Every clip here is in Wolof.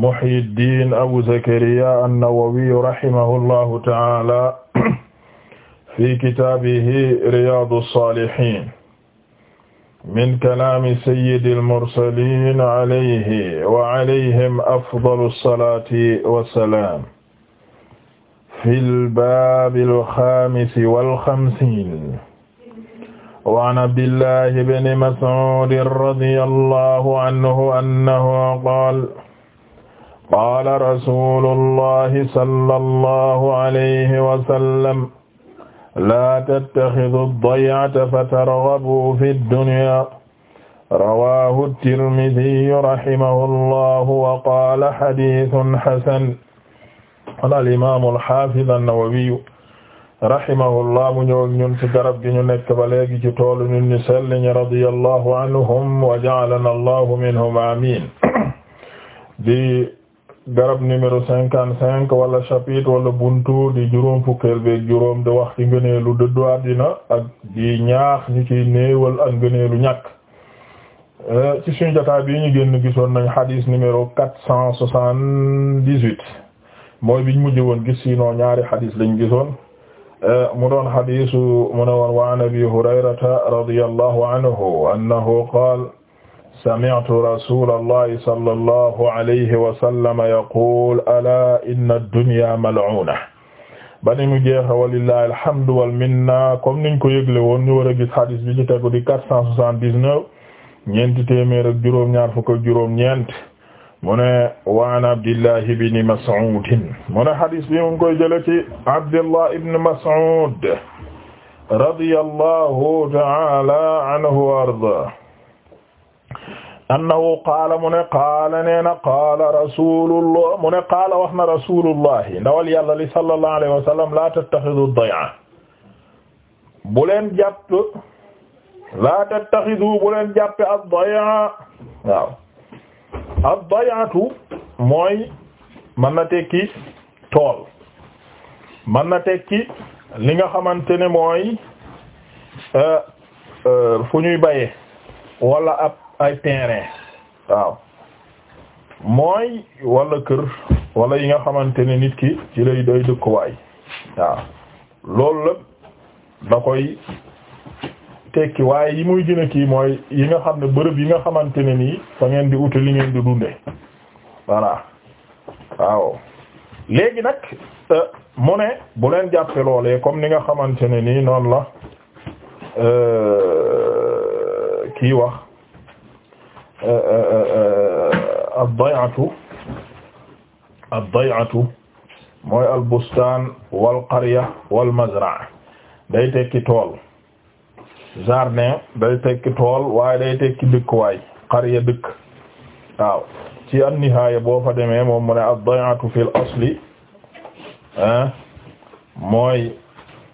Muhyiddin Abu Zakariya an-Nawawi rahimahullahu ta'ala fi kitaabihi Riyaadu s-Saalihiin min kalaami sayyidil mursaliin alayhi wa alayhim afdalu s-salaati wa s-salaam fil baabil xaamisi wal xamsiin wa an Abdillahi ibni Mas'uudin radiyallahu anhu annahu qaala qaala rasulullahi sallallahu alayhi wa sallam laa tattaxidu ad-day'ata fatarghabu fi ad-dunya rawaahu at-Tirmidhiyyu rahimahullahu wa qaala hadiithun hasan qaala al-imaamu al-haafiz an-Nawawiyyu rahimahullah mu ñëw ak ñun ci garab gi ñu nekk ba léegi ci toolu ñun ñu sell ñi radiyallahu anhum wa ja'alana allahu minhum amiin di garab numéro cinquante cinq wala chapitre wala buntu di juróom fukkeel beeg juróom di wax ci dëddu àddina ak di ñaax ñu ciy néewal ak ngëneelu ñàkk eh, ci suñu jotaay bi ñu génn gisoon nañ xadis numéro quatre cent soixante-dix-huit mooy biñ mujj woon gis siinoo ñaari xadis lañ gisoon eh, mu doon xadisu mu ne woon wa an abi hurayrata radiyallahu anhu annahu qaala sami'tu rasuulallahi sallallahu alayhi wa sallam yaquul alaa inna ad-dunyaa mal'uuna ba ni mu jeexa walillahi alhamdu wal minna comme niñ ko yëgle woon ñu war a gis hadis bi ci tegu di quatre cent soixante-dix-neuf ñeenti téeméer ak juróom-ñaar fukk ak juróom-ñeent mu ne wa an Abdillahi ibni Mas'uud mu ne hadis bi mu ngi koy jële ci Abdullah ibn Mas'uud radiyallahu ta'ala anhu wa ardaahu annahu qaala mu ne qaala rasulullah wax na rasulullahi ndawal yàlla li sallallahu alayhi wa sallam la tattaxidu day'a bu leen jàpp la tattaxidu bu leen jàppe ad-day'a waaw mooy mën na tekki tool mën na tekki li nga xamante ne mooy euh, euh, fu ñuy bayee wala ab ay terrain waaw mooy wala kër wala yi nga xamante ne nit ki ci lay doy dëkkuwaay waaw loolu lépp da koy tekki waaye yi muy gën a kii mooy yi nga xam ne bërëb yi nga xamante ne nii fa ngeen di wute li ngeen di dunde voilà waaw léegi nag euh, mu ne bu leen jàppe loolee comme ni nga xamante ne nii noonu la euh, kii wax Euh, euh, euh, ad-day'atu ad-day'atu mooy al-bustaan wal qarya wal mazraa day tekki tool jardin day tekki tool waaye day tekki dëkkuwaay qarya dëkk waaw ci an-nihaaya boo fa demee moom mu ne ad-day'atu fil asli mooy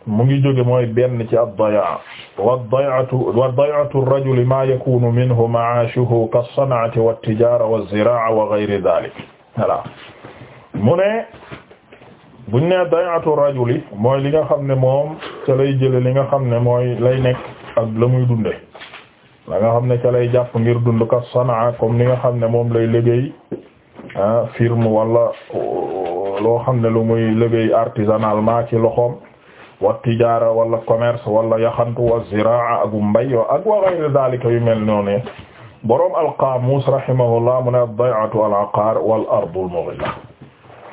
mu ngi jóge mooy benn ci ad-daya wa dayatu wa dayatu ar-rajuli ma yakunu minhu ma'ashuhu kas-san'ati wat voilà mu ne buñ ne dayatu ar-rajuli mooy li nga xam ne moom ca lay jële li nga xam ne mooy lay nekk ak la muy dunde la nga xam ne ca jàpp ngir dund kas-san'a comme li nga xam ne moom lay liggéey ah, firme wala oh, loo xam ne lu muy liggéey artisanalement ci loxoom wa tijaara wala commerce wala yaxantu wa ziraa ak mbay ak wa ghayr dhalika yu mel noonu boroom alqaamuus rahimahullah mu ne ad-day'atu al-aqaar wal ardu al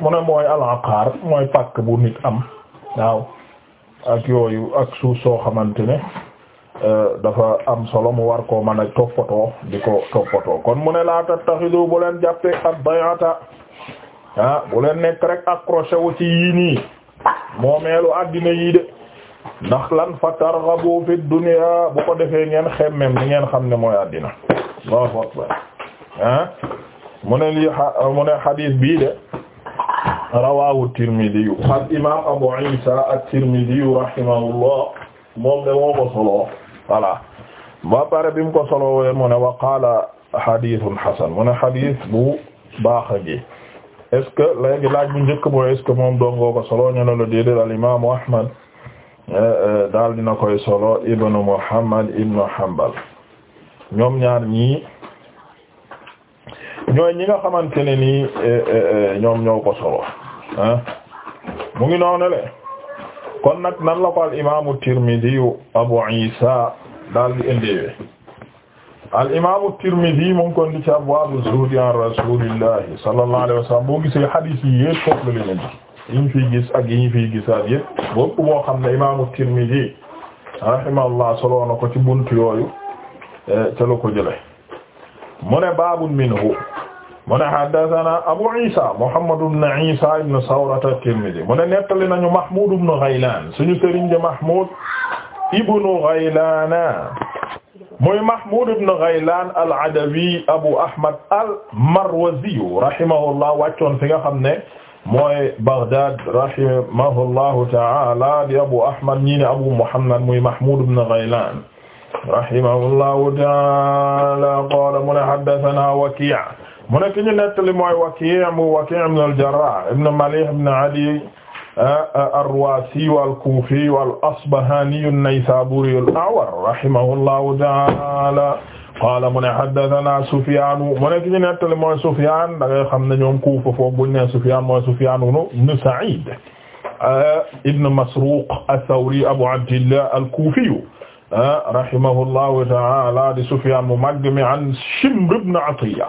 mu ne mooy al-aqaar mooy pàkk bu nit am waaw ak yooyu ak suuf soo xamante ne euh, dafa am solo mu war koo mën a di ko kon mu ne laa tattaxidu bu leen jàppee ad-day'ata ah, bu leen nekk rek accroché wu ci yii moo meelu àddina yi de ndax lan fa targhabu fi dunya bu ko defee ngeen xemmem ni ngeen xam ne mooy àddina Allahu akbar ah mu ne lii mu ne hadith bii de rawahu Tirmidhi al imam Abu Isa at-Tirmidhi rahimahullah moom de moo ko solo ba pare bi mu ko solo wee mu ne wa qaala hadithun hasan mu ne hadith bu baax a gi est-ce que léegi laaj bu njëkk mooy est que moom dongoo ko solo ñu ne la al imaamu Ahmad eh, eh, daal dina koy solo ibnu Muhammad ibnu Hanbal ñoom ñaar ñii ñooy ñi nga xamante ne nii eh, ñoom ñoo ko solo ah mu ngi noonu le kon nag nan la ko al imaamu Tirmidhi Abu Isa daal di indiwee. al imaamu Tirmidi mu ngi ko indi ci abwaabu zuhdi an rasuulillahi sallallahu alayhi wa sallam boo gisee hadith yi yëpp foofu la leen yi ñu fiy gis ak yi ñu fiy gisaat yëpp bopp boo xam ne imaamu Tirmidi rahimahullah soloo na ko ci buntu yooyu eh, ca la ko jëlee. mu ne baabun minhu mu ne haddathana Abu Isa Muhammad ibn Isa ibn Sawrata at-Tirmidi mu ne nettali nañu Mahmud ibn Ghaylan suñu sëriñ de Mahmud ibn Ghaylan muy Mahmoud ibn Ghaylan al-Adawi Abu Ahmad al-Marwazi rahimahullah wàccoon fi nga xam ne mooy Baghdad rahimahullahu ta'ala di Abu Ahmad ñi ne Abu Muhammad muy Mahmoud ibn Ghaylan rahimahullahu ta'ala qala mu ne haddathana Waki' mu ne ki ñu nettali mooy Waki' mu Waki' ibn al-Jarrah ibn Malih ibn Adi ar-Ruwaasiyu al-Kuufiyu al-Asbahaaniyu an-Naysaabuuriyu al-A'war rahimahullahu ta'aala qaala mu ne haddathanaa Sufyaanu mu ne ki ñu nettali mooy Sufyaan da ngay xam ne ñoom Kuufa foofu bu ñu nee Sufyaan mooy Sufyaan ibn Sa'iid ibn Masruuq ath-Thawri Abu Abdillah al-Kuufiyu rahimahullahu ta'aala di Sufyaan mu màgg mi an Shimr ibn Atiyya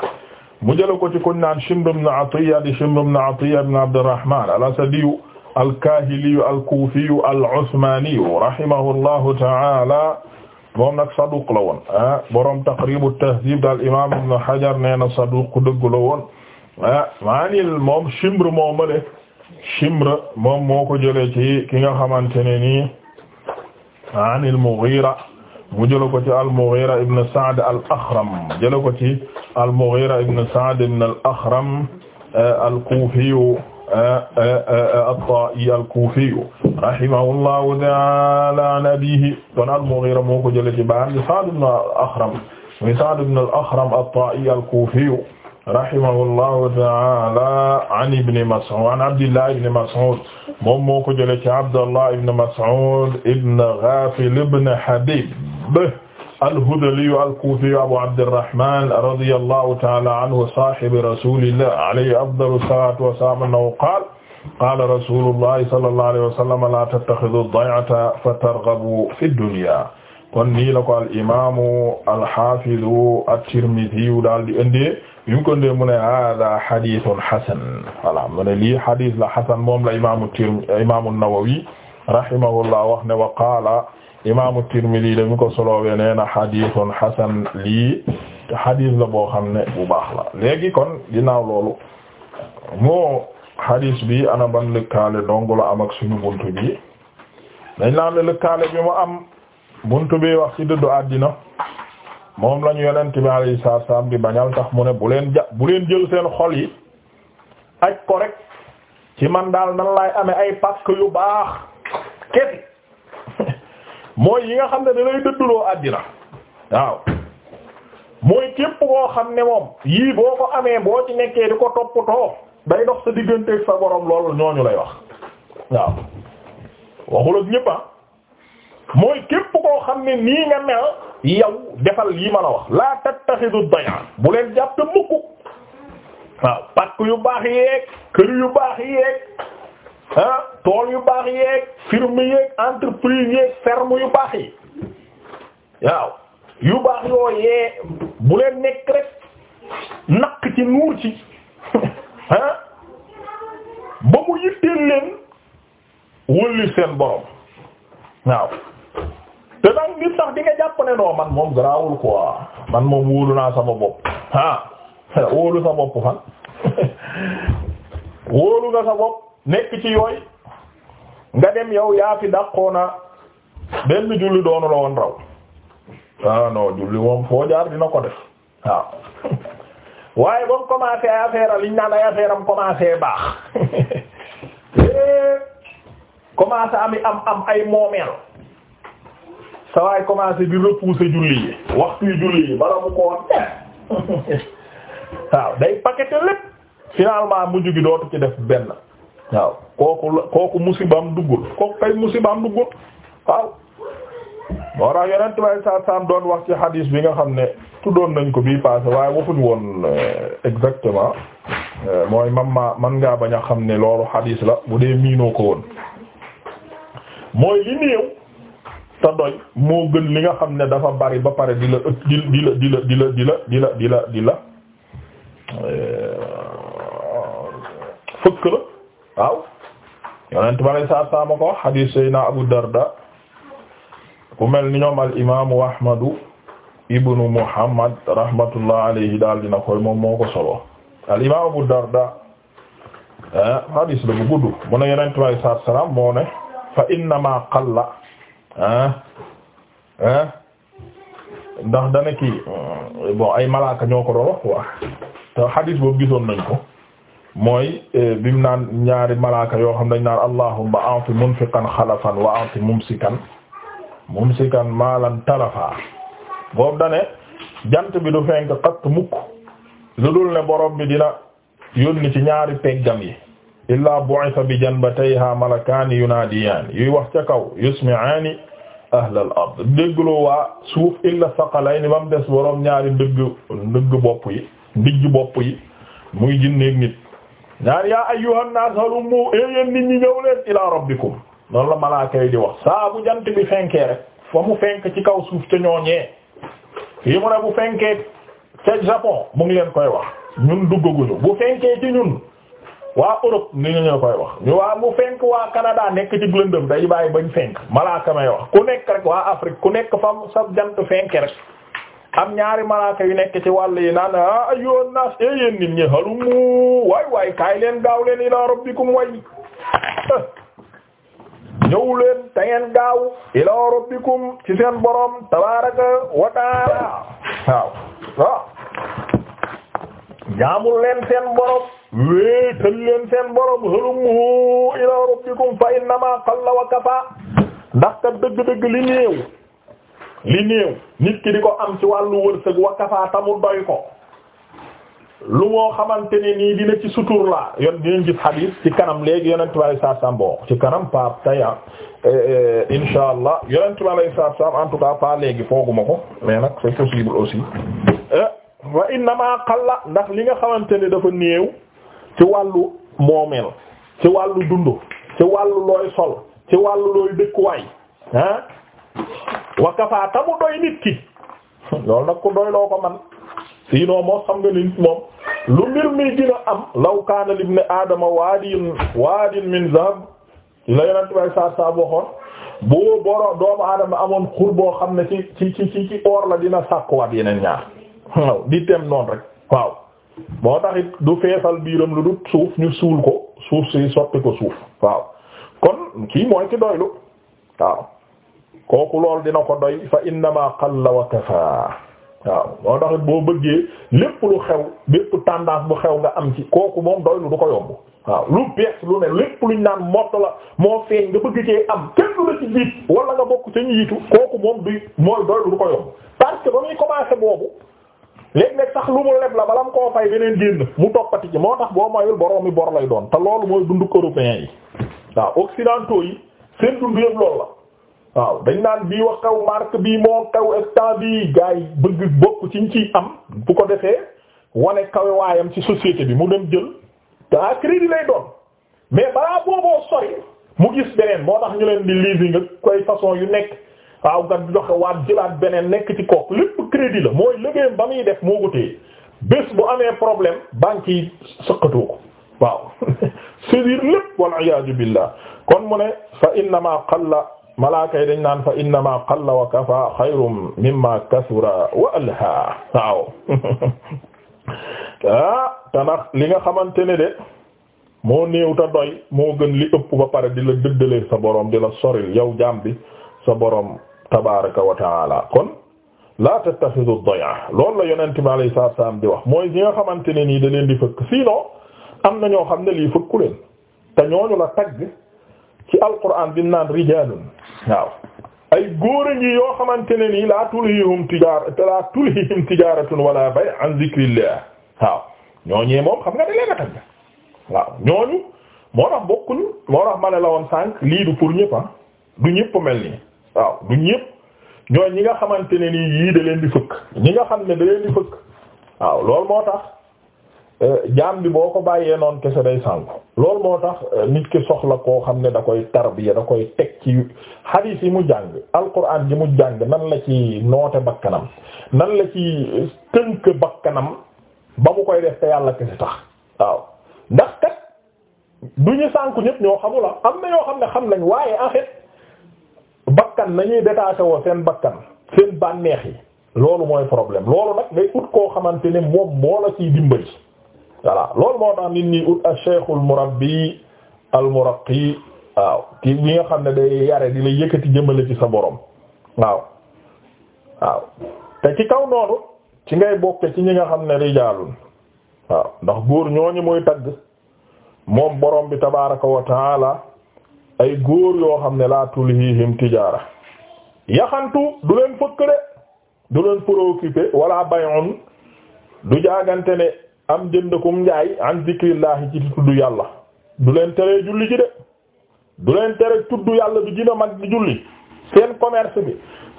mu jël ko ci kuñ naan Shimr ibn Atiyya di Shimr ibn Atiyya ibn Abdurrahmaan al-Asadiyu alkaahiliyu alkuufiyu al-usmaaniyu rahimahullahu ta'ala moom nag saduq la woon ah borom taqribu tahdib daal imaam ibn hajar nee na saduq dëgg la woon ah maanil moom Shimr moo male Shimr moom moo ko jëlee ci ki nga xamante ne nii maanil Mughira mu jëlee ko ci al-Mughira ibn Sa'd al-Akhram jëlee ko ci al-Mughira ibn Sa'd ibn al-Akhram eh, al-Kuufiyu at-Taa'i al-Kuufi rahimahullahu ta'aala an abiihi kon al-Mughiira moo ko jëlee ci baayam Sa'd ibn al-Axram muy Sa'd ibn al-Axram at-Taa'i al-Kuufi rahimahullahu ta'aala an Ibn Mas'uud an Abdullah ibn Mas'uud moom moo ko jëlee ci Abdullah ibn Mas'uud ibn Ghaafil ibn Habiib al-Hudhaliyu al-Kufiyu Abu Abdirrahman radiyallahu ta'ala anhu sahibu rasulillah alayhi afdalu salatu wassalam annahu qala qala rasulullahi sallallahu alayhi wa sallam la tattakhidhu ad-day'ata fatarghabu fi ad-dunya kon nii la ko al-imamu al-hafizu at-Tirmidhiyu daal di indee bi mu ko indee mu ne hada hadithun hasan voilà mu ne lii hadith la hasan moom la imamu Tirmidhi imamu an-Nawawi rahimahullah wax ne wa qala imaamu Tirmidi da mi ko solowee nee na xadiisun xasan lii xadiis la boo xam ne bu baax la léegi kon ginnaaw loolu moo xadiis bi ana ban lëkkaale dongu la am ak suñu buntu bi dañ la am lëkkaale bi mu am buntu bi wax ci dëddu àddina moom lañu yonent bi alayhi salaam bi bañal tax mu ne bu leen ja bu leen jël seen xol yi aj ko rek ci man daal nan laay amee ay pàkk yu baax kesi mooy yi nga xam ne da lay dëdduloo àddina waaw mooy képp koo xam ne moom yii boo ko amee boo ci nekkee di ko toppatoo day dox sa digganteeg sa borom loolu ñooñu lay wax waaw waxul ak ah mooy képp koo xam ne nii nga mel yow defal yi ma la wax la tattaxidu doya bu leen jàpp te mukk waaw parce yu baax yeeg kër yu baax yeeg ah tool yu baax yeeg firme yeeg entreprise yeeg ferme yu baax yi waaw yu baax yooyee bu leen nekk rek naq ci nuur ci ah ba mu yitteel leen wëlli seen borom waaw te nag nit sax di nga jàpp ne non man moom garaawul quoi man moom wóolu naa sama bopp ah wóolu sa bopp fan wóolu nga sa bopp. nekk ci yooy nga dem yow yaa fi dàqoona benn julli doonu la woon raw ah julli moom foo jaar dina ko def waaw waaye ba mu commencé ay affaire liñ naan commencé baax eh, commencé am am ay moomeel sa waay commencé di repousser julli yi waxtu julli yi bala mu ko woon waaw day paqueté lépp finalement mujj gi dootu ci def benn. waaw kooku la kooku musibaam duggul kooku kay musibaam duggul waaw moo tax yonent bay saasam doon wax ci hadis bi nga xam ne tuddoon nañ ko bii passé waaye waxuñ woon euh, exactement euh, mooy man ma man ngaa bañ a xam ne loolu hadis la bu dee miinoo ko woon mooy li néew te doy moo gën li nga xam ne dafa bari ba pare di di di la di la di la di la di la di la di la euh, fëkk la waaw yonent bi alay saat salaam ko hadith sayna Abu Darda ku mel ni ñoom al imaamu Ahmadu ibnu Muhammad rahmatullah alayhi daal dina koy moom moo ko solo al imaamu Abu Darda eh, hadith la bu gudd mu ne yonent bi alay salaam moo ne fa innama qalla ah ah ndax dana kii bon ay ñoo ko doon wax waa te hadith boobu gisoon nañ ko mooy bi e, bimu naan ñaari malaaka yoo xam dañ naan allahumma a'ti munfiqan xalafan wa a'ti mumsikan mumsikan maalan talafa boobu dane jant bi du fenk xatt mukk lu dul ne borom bi dina yónni ci ñaari peggam yi illaa bu'itha bi janbatayha malakaani yunaadiyaani yuy wax ca kaw yusmi'aani ahlal ard déggloo waa suuf illa saqalayni ba mu des borom ñaari ndëgg ndëgg bopp yi ndigg bopp yi muy jinneeg nit ñaan yaa ayyuhan naas halummu eh, yéen nit ñi ñëw leen ilaa rabbikum noonu la malaaka yi di wax saa bu jant bi fenkee rek fa mu fenk ci kaw suuf ca ñooñee fii mu ne bu fenkee ca Japon mu ngi leen koy wax ñun duggaguñu bu fenkee ci ñun waa Europe ni ñu leen koy wax ñu waa mu fenk waa Canada nekk ci lëndëm day bàyyi bañ fenk malaaka may wax ku nekk rek waa Afrique ku nekk fa mu sa jant fenke rek am ñaari malaaka yu nekk ci wàll yi naan ah ayyuhan naas e eh, yéen nit ñi halumu waay waay kaay leen gaaw leen ila rabbikum way ñëw leen te gaaw ila rabbikum ci seen borom tabaaraka wa taala waaw waaw leen seen borom wéetal leen seen borom halumu ila rabbikum fa innama qalla wa kafa ndax ka dëgg-dëgg li néew li néew nit ki di ko am ci wàllu wërsëg wa kafaa tamu doy ko lu moo xamante ne nii dina ci sutur la yon dinañ gis xadiis ci kanam léegi yonentu bi alay saat ci kanam pa taya eh, eh, insha allah yonentu bi alay saat salam en tout cas pas léegi fooguma ko mais nag c'est possible aussi eh, wa innama qalla ndax li nga xamante ne dafa néew ci wàllu moomeel ci wàllu dund ci wàllu looy sol ci wàllu looy dëkkuwaay ah wakafa ta mu doy nit ki loolu nag ku doy ko man sinon moo xam nga nit moom lu mbir mi dina am law kaana libni adama waadin waadin min zahab la yonent bay sa sa waxoon bu boro doomu aadama amoon xur boo xam ne ci ci ci ci la dina sàkkuwaat yeneen ñaar waaw di tem noonu rek waaw moo tax du feesal biiram lu dut suuf ñu suul ko suuf si sotti ko suuf waaw kon kii mooy ki doylu waaw kooku loolu dina ko doy fa innama qalla wa kafa waaw moo tax boo bëggee lépp lu xew bépp tendance bu xew nga am ci kooku moom doy lu du ko yomb waaw lu bees lu ne lépp luñ naan mott la moo feeñ nga bëgg cee am kenn du la ci jiit wala nga bokk ca ñu kooku moom du mooy doy du ko yomb parce que ba muy commencé boobu léeg-léeg sax lu mu leb la bala mu koo fay beneen génn mu toppati ci moo tax boo mayul boroomi bor lay doon te loolu mooy dund européen yi waaw occidentaux yi waaw dañ naan bii wax xew marque bii moo xew instant bii gars yi bëgg bokk ci ñu ciy am bu ko defee wane kawe waayam ci société bi mu dem jël te à crédit lay doon mais balaa booboo sori mu gis beneen moo tax ñu leen di leasing ak koy façon yu nekk waaw nga joxe waat jëlaat beneen nekk ci kook lépp crédit la mooy liggéeyam ba muy def moo ko téye bés bu amee problème banque yi sëqatoo ko waaw cest à lépp wal iyaadu billah kon mu ne fa innamaa qalla malaakay dañ naan fa innama qalla wa kafa xayrum mimma kasura wa alha waaw ah te li nga xamante ne de moo néew ta doy moo gën li ëpp ba pare di la dëddale sa boroom di la soril yow jaam bi sa boroom tabaraka wa taala kon la tattaxidu doya loolu la yonente bi alayhi salaatu salaam di wax mooy ñi nga xamante ne nii da leen di fëkk sinon am na ñoo xam ne lii fëkku leen te ñooñu la tagg ci alquran bi naan rijalun waaw ay góor a ngi yoo xamante ne nii laa tulhihum tijaara laa tulhihim tijaratun wala bay an waaw ñooñee moom xam nga da leen a tagg waaw ñooñu moo tax bokkuñ moo tax ma la woon sànq lii du pour ñëpp ah du ñëpp mel nii waaw du ñëpp ñooñ ñi nga xamante ne nii yii da leen di fëkk ñi nga xam ne da leen di fëkk waaw loolu moo tax Euh, jaam bi boo ko bàyyee noonu kese day sànk loolu moo tax euh, nit ki soxla koo xam ne da koy tarbiya da koy teg ci hadith yi mu jàng alquran ji mu jàng nan la ci noote bakkanam nan la ci tënk bakkanam ba mu koy def te yàlla kese tax waaw ndax kat du ñu sànku ñëpp ñoo xamula am na yoo xam ne xam nañ waaye en bakkan nañuy détaché woo seen bakkan seen bànneex yi loolu mooy problème loolu nag ngay ut koo xamante ne moom moo la ciy dimbali voilà loolu moo tax nit ñi ut a cheikhul murabbi al waaw ki bi nga xam ne day yare di la yëkkati jëmale ci sa borom waaw waaw te ci kaw noonu ci ngay bokke ci ñi nga xam ne rijaalun waaw ndax góor ñooñu muy tagg moom borom bi tabaaraka wa taala ay góor yoo xam ne laa tulhiihim tijaara yaxantu du leen fëkk de du leen préoccupé wala bay'un du jaagante ne am jëndakum njaay an zikrillahi ci tudd yàlla du leen teree julli ji de du leen tere tudd yàlla bi dina mag di julli seen commerce bi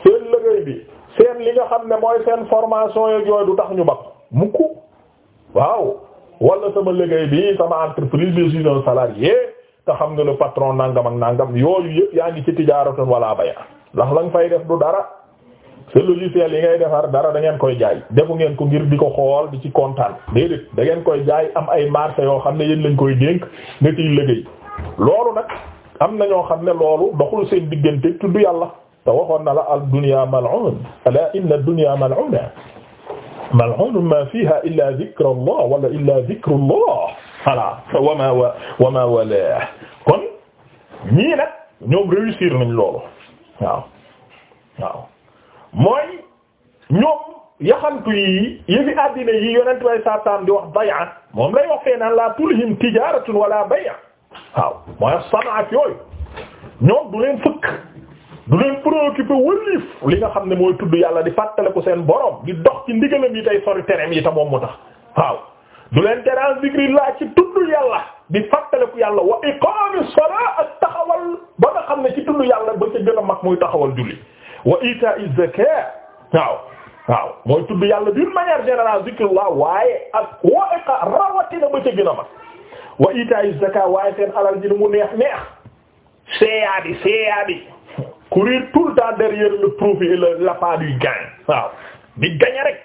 seen liggéey bi seen li nga xam ne mooy seen formation yeeg yooyu du tax ñu bak mukk waaw walla sama liggéey bi sama entreprise bi je suis un salarié te xam nga le patron nangam ak nangam yooyu yëpp yaa ngi ci tijaaratan wala baya ndax la fay def du dara te logiciel yi defar dara da ngeen koy jaay defu ngeen ko ngir di ko xool di ci kontaan déedéet da koy jaay am ay marché yoo xam ne yéen lañ koy dénk nga ciy liggéey loolu nag am na ñoo xam ne loolu doxul seen diggante tudd yàlla te waxoon a la al dunya mal'un ala inna ad-dunya mal'una mal'un ma fiha illa dhikrullah wala illa dhikrullah ala wa ma wa kon ñii nag ñoom réussir nañ loolu waaw mooy ñoom yaxantu yi yëfi àddina yi yonent way saataan di wax bay'a moom lay wax fee naan la tulhim tijaratun wala bay'a waaw mooy sanaat yooyu ñoom du leen fëkk du leen préoccupé wëlif li nga xam ne mooy tudd yàlla di ku seen borom di dox ci ndigalam yi tey sori tereem yi ta moom mu tax waaw du leen teraan zikri laa ci tudd yàlla di fàttaliku yàlla wa iqamis salat ak taxawal ba nga xam ne ci tudd yàlla ba ca gën a mag muy taxawal julli wa itaa'i zakat waaw waaw mooy tudd yàlla d'une manière générale zikrullah waaye ak wa iqa rawatina ba ca gën a mag wa itaa'i waaye seen alal ji mu neex neex seeyaa bi seeyaa bi courir tout le temps derrière le profit et l'appât waaw di gañ rek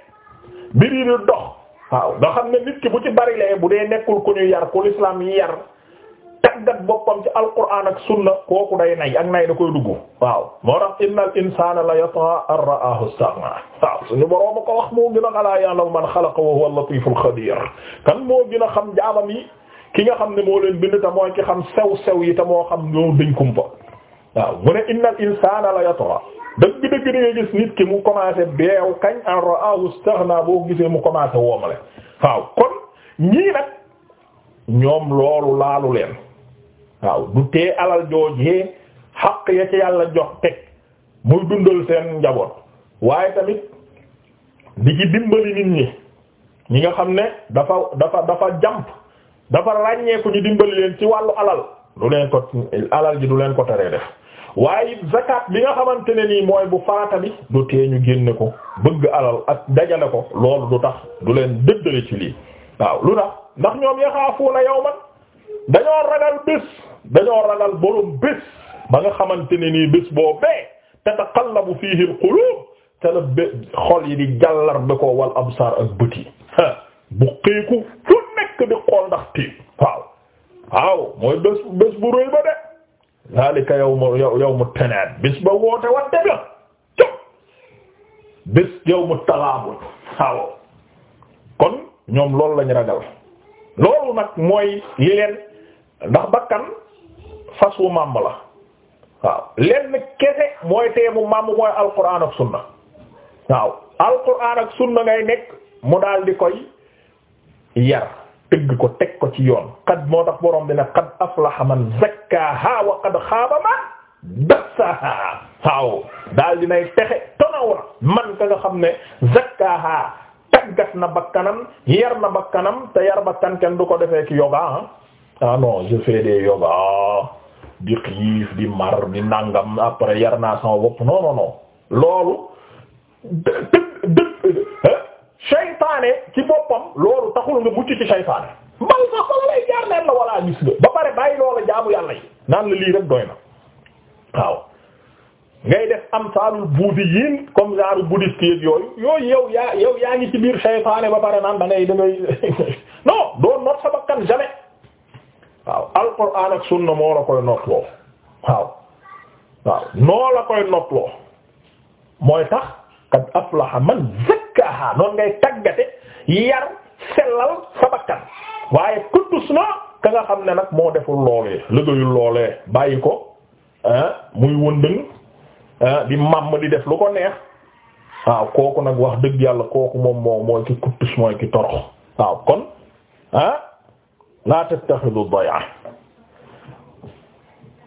mbir yi dox waaw nga xam ne nit ki bu ci bari lee bu dee nekkul ku ñu yar ku l'islam yar taggat boppam ci alquran ak sunna kooku day nay ak nay da koy dugg waaw moo tax innal insana la yatgha an ra'ahu istaghna waaw suñu borooma ko wax moo gën a xalaa ya'lamu man xalaqa wa huwa al a xam jaamam ki nga xam ne moo leen bind te mooy ki xam sew sew yi te moo xam ñoo dañ kumpa waaw mu ne innal la yatgha dëgg-dëgg da gis nit ki mu commencé beew kañ an ra'ahu istaghna boo gisee mu commencé woomale waaw kon ñii ñoom loolu laalu leen waaw du tee alal joojee xaq ya ca yàlla jox teg muy dundal seen njaboot waaye tamit di ci dimbali nit ñi ñi nga xam ne dafa dafa dafa jàmp dafa ràññeeku ñu dimbali leen ci wàllu alal du leen ko alal ji du leen ko teree def waaye it zakat bi nga xamante ne nii mooy bu farata du tee ñu génne ko bëgg alal ak dajale ko loolu du tax du leen dëddale ci lii waaw lu tax ndax ñoom yaxaafuuna yawman dañoo ragal bés dañoo ragal borom bés ba nga xamante ne nii bés boobee tataqallabu fiihi al-quluub te la xol yi di jàllar bi ko wal absaar ak bët yi bu xiiku fu nekk di xool ndax tiim waaw waaw mooy bés bés bu rëy ba de zaalika yawmu yawmu tanaad bés ba woote wante bi cop bés yawmu talaabu waaw kon ñoom loolu lañu ragal loolu nag mooy li leen ndax bakkan fas wu màmm la waaw lenn kese mooy teemu màmm mooy alquran ak sunna waaw alquran ak sunna ngay nekk mu daal di koy yar tëgg ko teg ko ci yoon qad moo tax borom bi qad aflaha man zakkaha wa qad xaaba man dassaha waaw daal dinay texe tonaw man ka nga xam ne zakkaha tàggat na bakkanam yar na bakkanam te yar bakkan kenn du ko defee ki yoga ah. ah non je fais des yoga di xiif di mar di nangam après yar naa sama bopp non non non loolu seytaane ci boppam loolu taxul nga mucc ci seytaane mbal sax ko lay jaar neen la walla gis nga ba pare bàyyi loola jaamu yàlla yi naan la lii rek doy na waaw ngay def am saalul buuti yiin comme genre bouddhiste yooyu yooyu yaa yaa ngi ci biir saytaane ba pare naan da ngay da ngay non doo not sa bakkan jamais ak sunna moo la koy notloo waaw waaw noo la koy notloo mooy tax qad aflaha man zakkaha noonu ngay taggate yar sellal sa waaye kuddus na ka nga xam ne nag moo deful loolee liggéeyul loolee bàyyi ko muy wëndëng Ah, di màmm di def lu ko neex waaw kooku nag wax dëgg yàlla kooku moom moo mooy ki kuttus mooy ki torox waaw kon ah la tattaxidu daya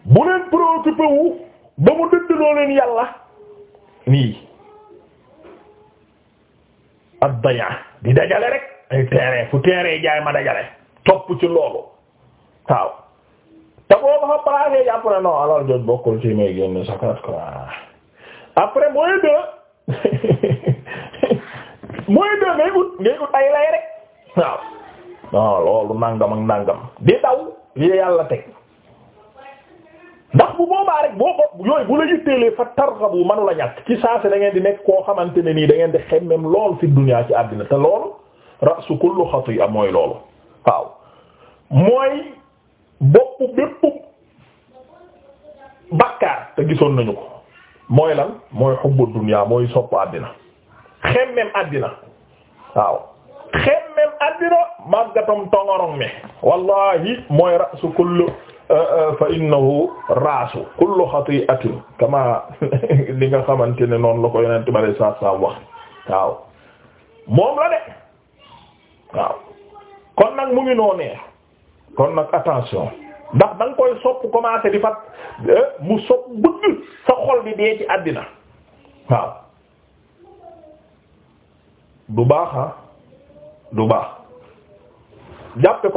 bu leen préoccupé wu ba mu leen yàlla nii ak daya di dajale rek ay terrain fu terrain jaay ma dajale topp ci loolu waaw te boo ko fa placé jàpp na non alors jooju bokkul ci may génn sakat quoi après mooy deux mooy deux ngay ut ngay ut ay lay rek waaw loolu nangam ak nangam di daw li yàlla teg ndax bu boobaa rek boo ko yooyu bu la yitteelee fa tarxabu manu la ñàkk ci saa si da di nekk koo xamante ne nii dangeen ngeen di xemmem lool fi dunyaa ci àddina te loolu rasu kullu xati'a mooy loolu waaw mooy. boppu bépp bakkaar te gisoon nañu ko mooy lan mooy xubbu dunya mooy sopp àddina xemmem àddina waaw xemmem àddina màggatam tongorong mi wallahi mooy raasu kullu euh, euh, fa innahu raasu kullu xati'atin kama li nga xamante ne noonu la ko yonente bi alay saat wax waaw moom la de waaw kon nag mu ngi noonee kon nag attention ndax da nga koy di fat eh, mu sopp bëgg sa xol bi dee ci àddina waaw du baax ah du baax jàppe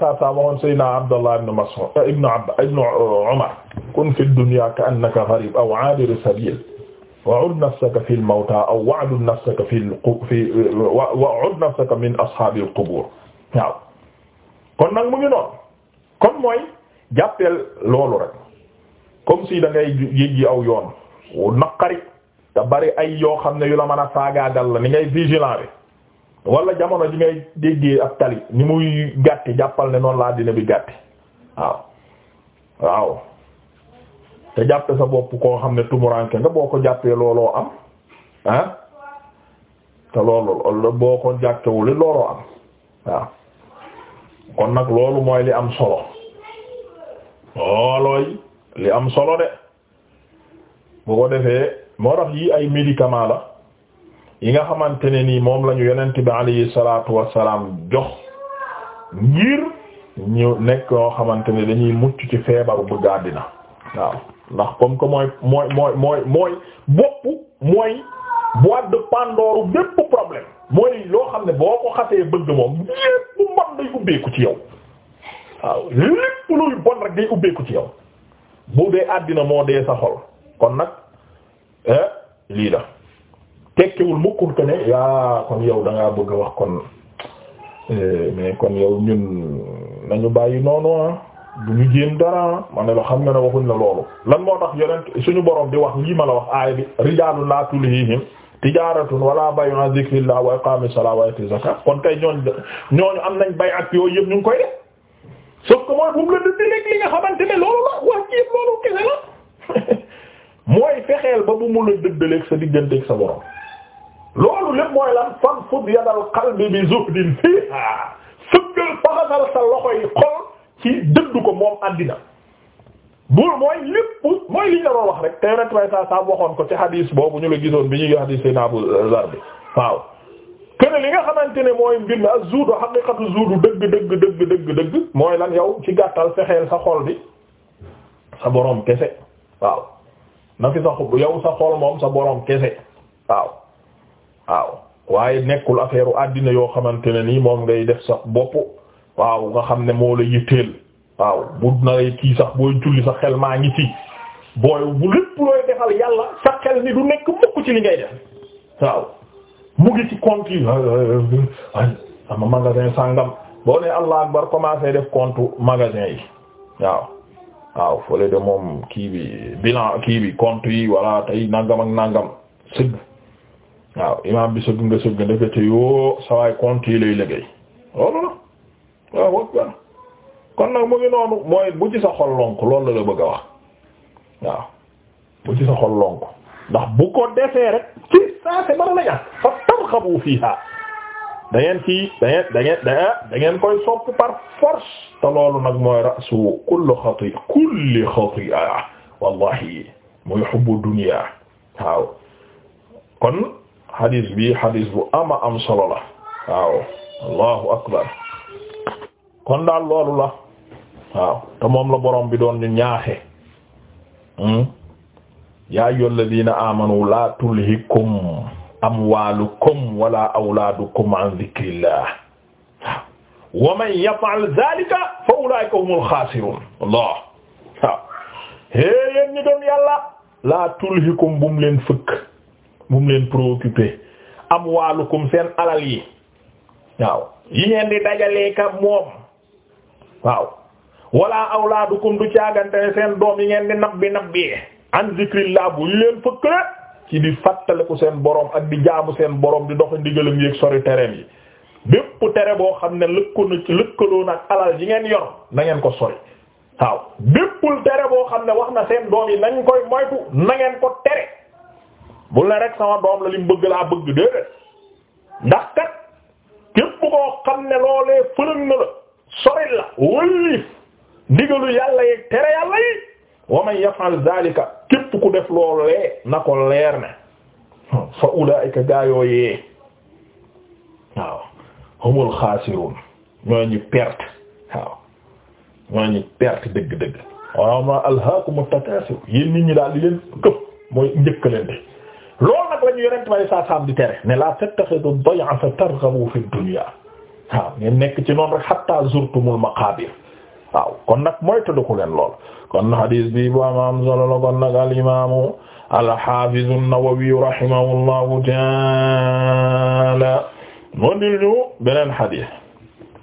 saa saa waxoon sayyidina Abdallah ibn eh, ibn Abd ibn Umar eh, kun fi dunya ka'annaka gharib aw 'abir sabil wa'ud nafsaka fi al aw wa'ud nafsaka fi fi wa'ud nafsaka min ashabil qubur waaw kon nag mu ngi noonu kon mooy jàppeel loolu rek comme si da ngay yëggi aw yoon wu naqari te bari ay yoo xam ne yu la mën a faagaagal la ni ngay vigilant bi wala jamono ji ngay déggee ak tali ni muy gàtti jàppal ne noonu laa dina bi gàtti waaw waaw te jàppe sa bopp koo xam ne tumuraanke nga boo ko jàppee looloo am ah te loolu boo ko jàppewul looloo am waaw kon nag loolu mooy li am solo loolooy li am solo de bu ko defee moo tax yi ay médicament la yi nga xamante ne nii moom lañu ñu yonent bi alayhi salaatu wassalaam jox ngir ñu nekk yoo xamante ne dañuy mucc ci feebaru bëgg àddina waaw ndax comme que mooy mooy mooy mooy mooy bopp mooy boîte de Pandore bépp problème mooy loo xam ne boo ko xasee bëgg moom lépp lu mot day ubbeeku ci yow waaw lépp luy bon rek day ubbeeku ci yaw bu dee àddina moo dee sa xol kon nag eh lii la tekkiwul mukkul ko ne yaa kon yow da bëgg a wax kon eh, mais kon yow ñun nañu bàyyi noonu ah du ñu jéem dara ah. ma ne la xam nga ne waxuñ la loolu lan moo tax yonent suñu borom di wax lii ma la wax aay bi rijaalun laa tulhiihim tijaratun wala bay'un an dhikrillah wa iqamis salat wa iti zakat kon kay ñooñ ñooñu am nañ bay ak yooyu yëpp ñu ngi koy def sauf que mooy bu mu la dëddi léegi li nga xamante ne loolu la wax ci yëpp loolu kese la mooy fexeel ba bu mu la dëddaleeg sa digganteeg sa borom loolu lépp mooy lan fan fud yadal qalbi bi zuhdin fiha sëggal faxasal sa loxoy xol ci dëddu ko moom àddina bu mooy lépp mooy li ñu la wax rek te yonent bay saa saa waxoon ko ci hadis boobu ñu la gisoon bi ñuy hadis seen Abu Zar bi waaw kene li nga xamante ne dëgg dëgg dëgg dëgg mooy lan yow ci gàttal fexeel sa xol bi boroom kese waaw na fi yow sa xol boroom kese waaw nekkul affaire àddina yoo xamante ne nii moom ngay def sa bopp waaw nga xam ne moo la yitteel waaw bu nawee kii sax booy julli sa xel maa ngi ci booy bu lépp looy defal yàlla sa xel ni du nekk mukk ci li ngay def waaw mu ngi ci compte yi sama magasin sàngam boo ne allah akbar commencé def compte magasin yi waaw waaw fële de moom kii bi bilan kii bi compte yi walla tey nangam ak nangam sëgg waaw imaam bi sëgg nga sëgg ndekete yoo sawaay compte yi lay liggéey loolu la waaw waaw kon nag mu ngi noonu mooy bu sa xol lonk loolu la bëgg a wax waaw sa xol lonk ndax bu ko defee rek ci saa si mën la ñàkk fa tarxabu fiha da ngeen koy sopp par force te loolu nag mooy rasu kulli xati kulli xati'a wallahi muy hubbu dunya waaw kon hadis bi hadis bu ama am solo la waaw allahu akbar kon daal loolu la waaw te moom la borom bi doon ñu ñaaxe hmm? yaa ayyuhal ladina amanu la tulhikum amwalukum wala awlaadukum an dhikrillah wa man yaf'al dhalika fa ulaika humul khasirun allah waaw hee yéen ñi doon yàlla la tulhikum bu mu leen fëkk bu mu leen préoccupé amwalukum seen alal yi waaw yi ngeen di dajaleeka moom waaw wala awlaadukum du caagante seen doom yi ngeen di nabbi nabbi an zikrillah bu ñu leen fëkkale ci di fàttaliku seen boroom ak di jaamu seen boroom di dox ndigalam yi ak sori tereem yi bépp tere boo xam ne lëkkaloo na ci lëkkaloo alal yi ngeen yor na ko sori waaw béppul tere boo xam ne wax na seen doom yi nañ koy moytu na nangeen ko tere bu la rek sama doom la lim bëgg laa bëgg déedéet ndax kat képp koo xam ne loolee fëlëg na la sori digalu yàlla yeeg tere yàlla yi wa man yaf'al zalika képp ku def loolee na ko leer ne fa ulaa'ika gaayoo yee waaw humul xaasiruun ñoo ñu perte waaw ñoo ñu perte dëgg-dëgg waaw ma alhaakumu takaasur yéen ñi daal di këpp mooy njëkkalante loolu nag la ñu yonent bay saa saam di tere ne la tattaxidu day'a fa targhabu fi dunya waaw ngeen nekk ci noonu rek hatta zurtumul maqaabir waaw kon nag mooy tëdduku leen lool kon hadis bi bu am solo la kon nag al imaamu al haafiz an-Nawawi rahimahullahu ta'ala moo dil ñu beneen hadis